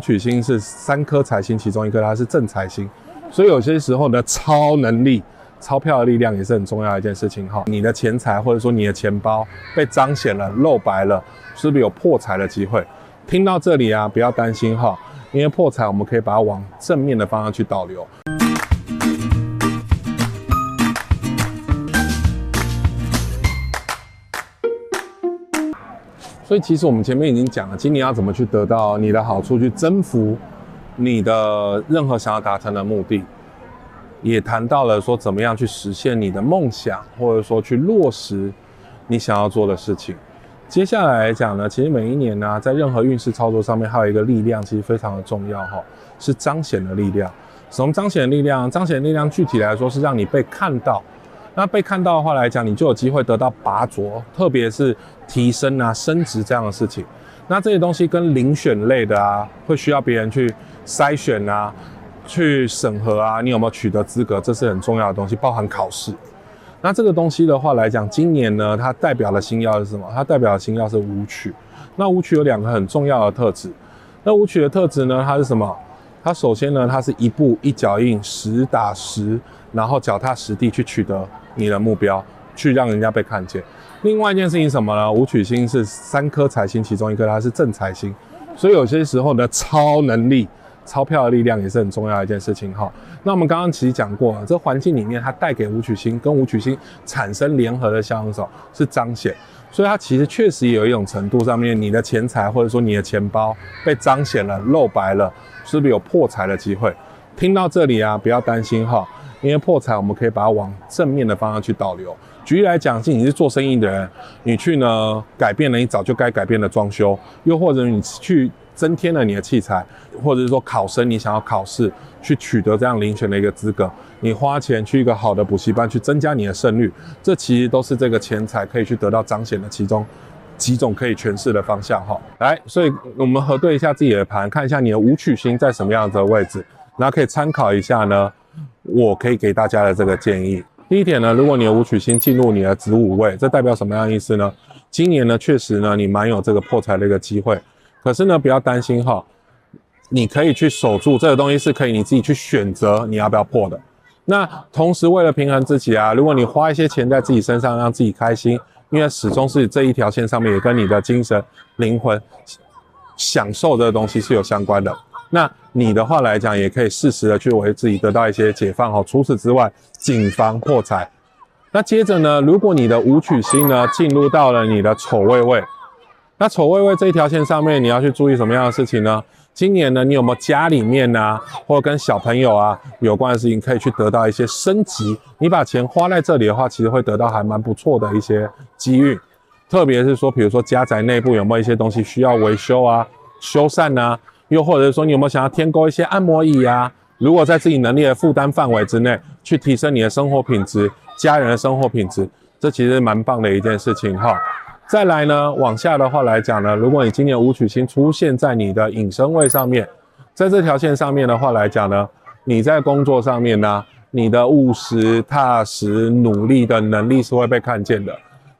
曲星是三顆財星，其中一顆它是正財星，所以有些時候呢，鈔能力、鈔票的力量也是很重要的一件事情哈。你的錢財或者說你的錢包被彰顯了、露白了，是不是有破財的機會？聽到這裡啊，不要擔心哈，因為破財我們可以把它往正面的方向去導流。所以其實我們前面已經講了，今年要怎麼去得到你的好處，去征服你的任何想要達成的目的，也談到了說怎麼樣去實現你的夢想，或者說去落實你想要做的事情。接下來來講呢，其實每一年呢、啊，在任何運勢操作上面，還有一個力量其實非常的重要哈、哦，是彰顯的力量。什麼彰顯的力量？彰顯的力量具體來說是讓你被看到。那被看到的話來講，你就有機會得到拔擢，特別是提升啊、升職這樣的事情。那這些東西跟遴選類的啊，會需要別人去篩選啊、去審核啊，你有沒有取得資格，這是很重要的東西，包含考試。那這個東西的話來講，今年呢，它代表的星曜是什麼？它代表的星曜是武曲。那武曲有兩個很重要的特質。那武曲的特質呢，它是什麼？他，首先呢，他是一步一腳印，實打實，然後腳踏實地去取得你的目標，去讓人家被看見。另外一件事情什麼呢？武曲星是三顆財星其中一顆，它是正財星，所以有些時候你的超能力。鈔票的力量也是很重要的一件事情哈。那我們剛剛其實講過，這環境裡面它帶給武曲星跟武曲星產生聯合的相手是彰顯，所以它其實確實也有一種程度上面，你的錢財或者說你的錢包被彰顯了、露白了，是不是有破財的機會？聽到這裡啊，不要擔心哈，因為破財我們可以把它往正面的方向去導流。舉例來講，是你是做生意的人，你去呢改變了你早就該改變的裝修，又或者你去。增添了你的器材，或者是說，考生你想要考試去取得這樣遴選的一個資格，你花錢去一個好的補習班去增加你的勝率，這其實都是這個錢財可以去得到彰顯的其中幾種可以詮釋的方向哈。來，所以我們核對一下自己的盤，看一下你的武曲星在什麼樣的位置，然後可以參考一下呢，我可以給大家的這個建議。第一點呢，如果你的武曲星進入你的子午位，這代表什麼樣的意思呢？今年呢，確實呢，你蠻有這個破財的一個機會。可是呢，不要擔心哈、哦，你可以去守住這個東西是可以，你自己去選擇你要不要破的。那同時為了平衡自己啊，如果你花一些錢在自己身上，讓自己開心，因為始終是這一條線上面也跟你的精神、靈魂享受這個東西是有相關的。那你的話來講，也可以適時的去為自己得到一些解放哦。除此之外，謹防破財。那接着呢，如果你的武曲星呢，進入到了你的丑位位。那丑未未這一條線上面，你要去注意什麼樣的事情呢？今年呢，你有沒有家裡面啊，或者跟小朋友啊有關的事情，可以去得到一些升級？你把錢花在這裡的話，其實會得到還蠻不錯的一些機遇。特別是說，比如說家宅內部有沒有一些東西需要維修啊、修繕啊，又或者是說你有沒有想要添購一些按摩椅啊？如果在自己能力的負擔範圍之內，去提升你的生活品質、家人的生活品質，這其實蠻棒的一件事情哈。再來呢，往下的話來講呢，如果你今年武曲星出現在你的隱身位上面，在這條線上面的話來講呢，你在工作上面呢、啊，你的務實、踏實、努力的能力是會被看見的。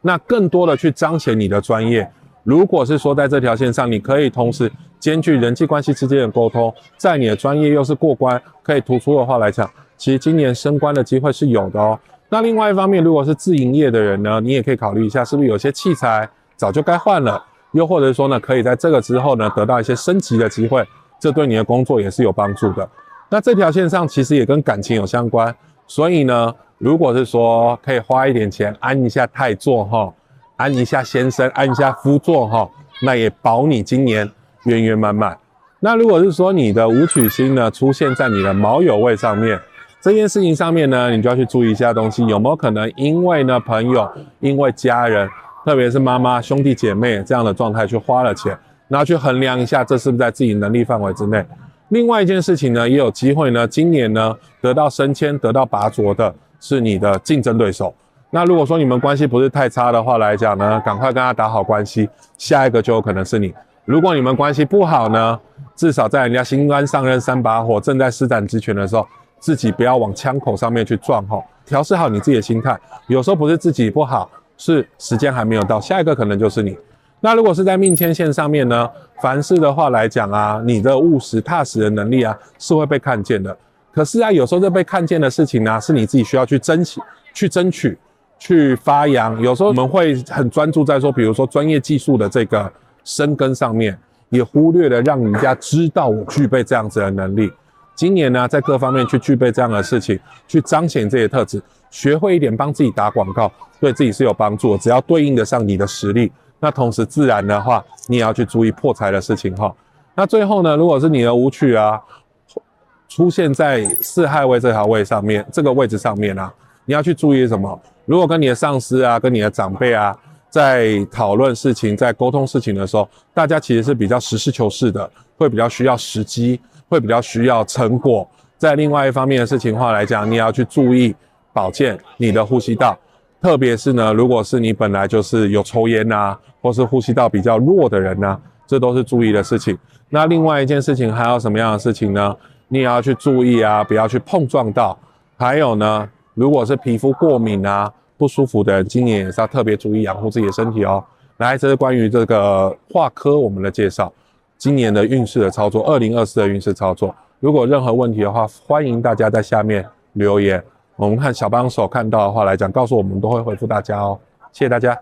那更多的去彰顯你的專業。如果是說在這條線上，你可以同時兼具人際關係之間的溝通，在你的專業又是過關可以突出的話來講，其實今年升官的機會是有的哦。那另外一方面，如果是自營業的人呢，你也可以考慮一下，是不是有些器材早就該換了，又或者說呢，可以在這個之後呢得到一些升級的機會，這對你的工作也是有幫助的。那這條線上其實也跟感情有相關，所以呢，如果是說可以花一點錢安一下太座哈，安一下先生，安一下夫座哈，那也保你今年圓圓滿滿。那如果是說你的武曲星呢出現在你的卯酉位上面。這件事情上面呢，你就要去注意一下東西，有沒有可能因為呢朋友，因為家人，特別是媽媽、兄弟姐妹這樣的狀態去花了錢，然後去衡量一下這是不是在自己能力範圍之內。另外一件事情呢，也有機會呢，今年呢得到升遷、得到拔擢的是你的競爭對手。那如果說你們關係不是太差的話來講呢，趕快跟他打好關係，下一個就有可能是你。如果你們關係不好呢，至少在人家新官上任三把火，正在施展職權的時候，自己不要往槍口上面去撞哈，調試好你自己的心態。有時候不是自己不好，是時間還沒有到。下一個可能就是你。那如果是在命遷線上面呢？凡事的話來講啊，你的務實踏實的能力啊，是會被看見的。可是啊，有時候這被看見的事情呢、啊，是你自己需要去爭取、去爭取、去發揚。有時候我們會很專注在說，比如說專業技術的這個深耕上面，也忽略了讓人家知道我具備這樣子的能力。今年呢、啊，在各方面去具備這樣的事情，去彰顯這些特質，學會一點幫自己打廣告，對自己是有幫助的。只要對應得上你的實力，那同時自然的話，你也要去注意破財的事情哈。那最後呢，如果是你的武曲啊，出現在四害位這條位上面，這個位置上面呢、啊，你要去注意什麼？如果跟你的上司啊，跟你的長輩啊，在討論事情、在溝通事情的時候，大家其實是比較實事求是的，會比較需要時機。會比較需要成果，在另外一方面的事情話來講，你也要去注意保健你的呼吸道，特別是呢，如果是你本來就是有抽煙吶、啊，或是呼吸道比較弱的人吶、啊，這都是注意的事情。那另外一件事情還有什麼樣的事情呢？你也要去注意啊，不要去碰撞到。還有呢，如果是皮膚過敏啊不舒服的人，今年也是要特別注意養護自己的身體哦。來，這是關於這個化科我們的介紹。今年的運勢的操作，二零二四的運勢操作。如果有任何問題的話，歡迎大家在下面留言。我們看小幫手看到的話來講，告訴我們都會回復大家哦。謝謝大家。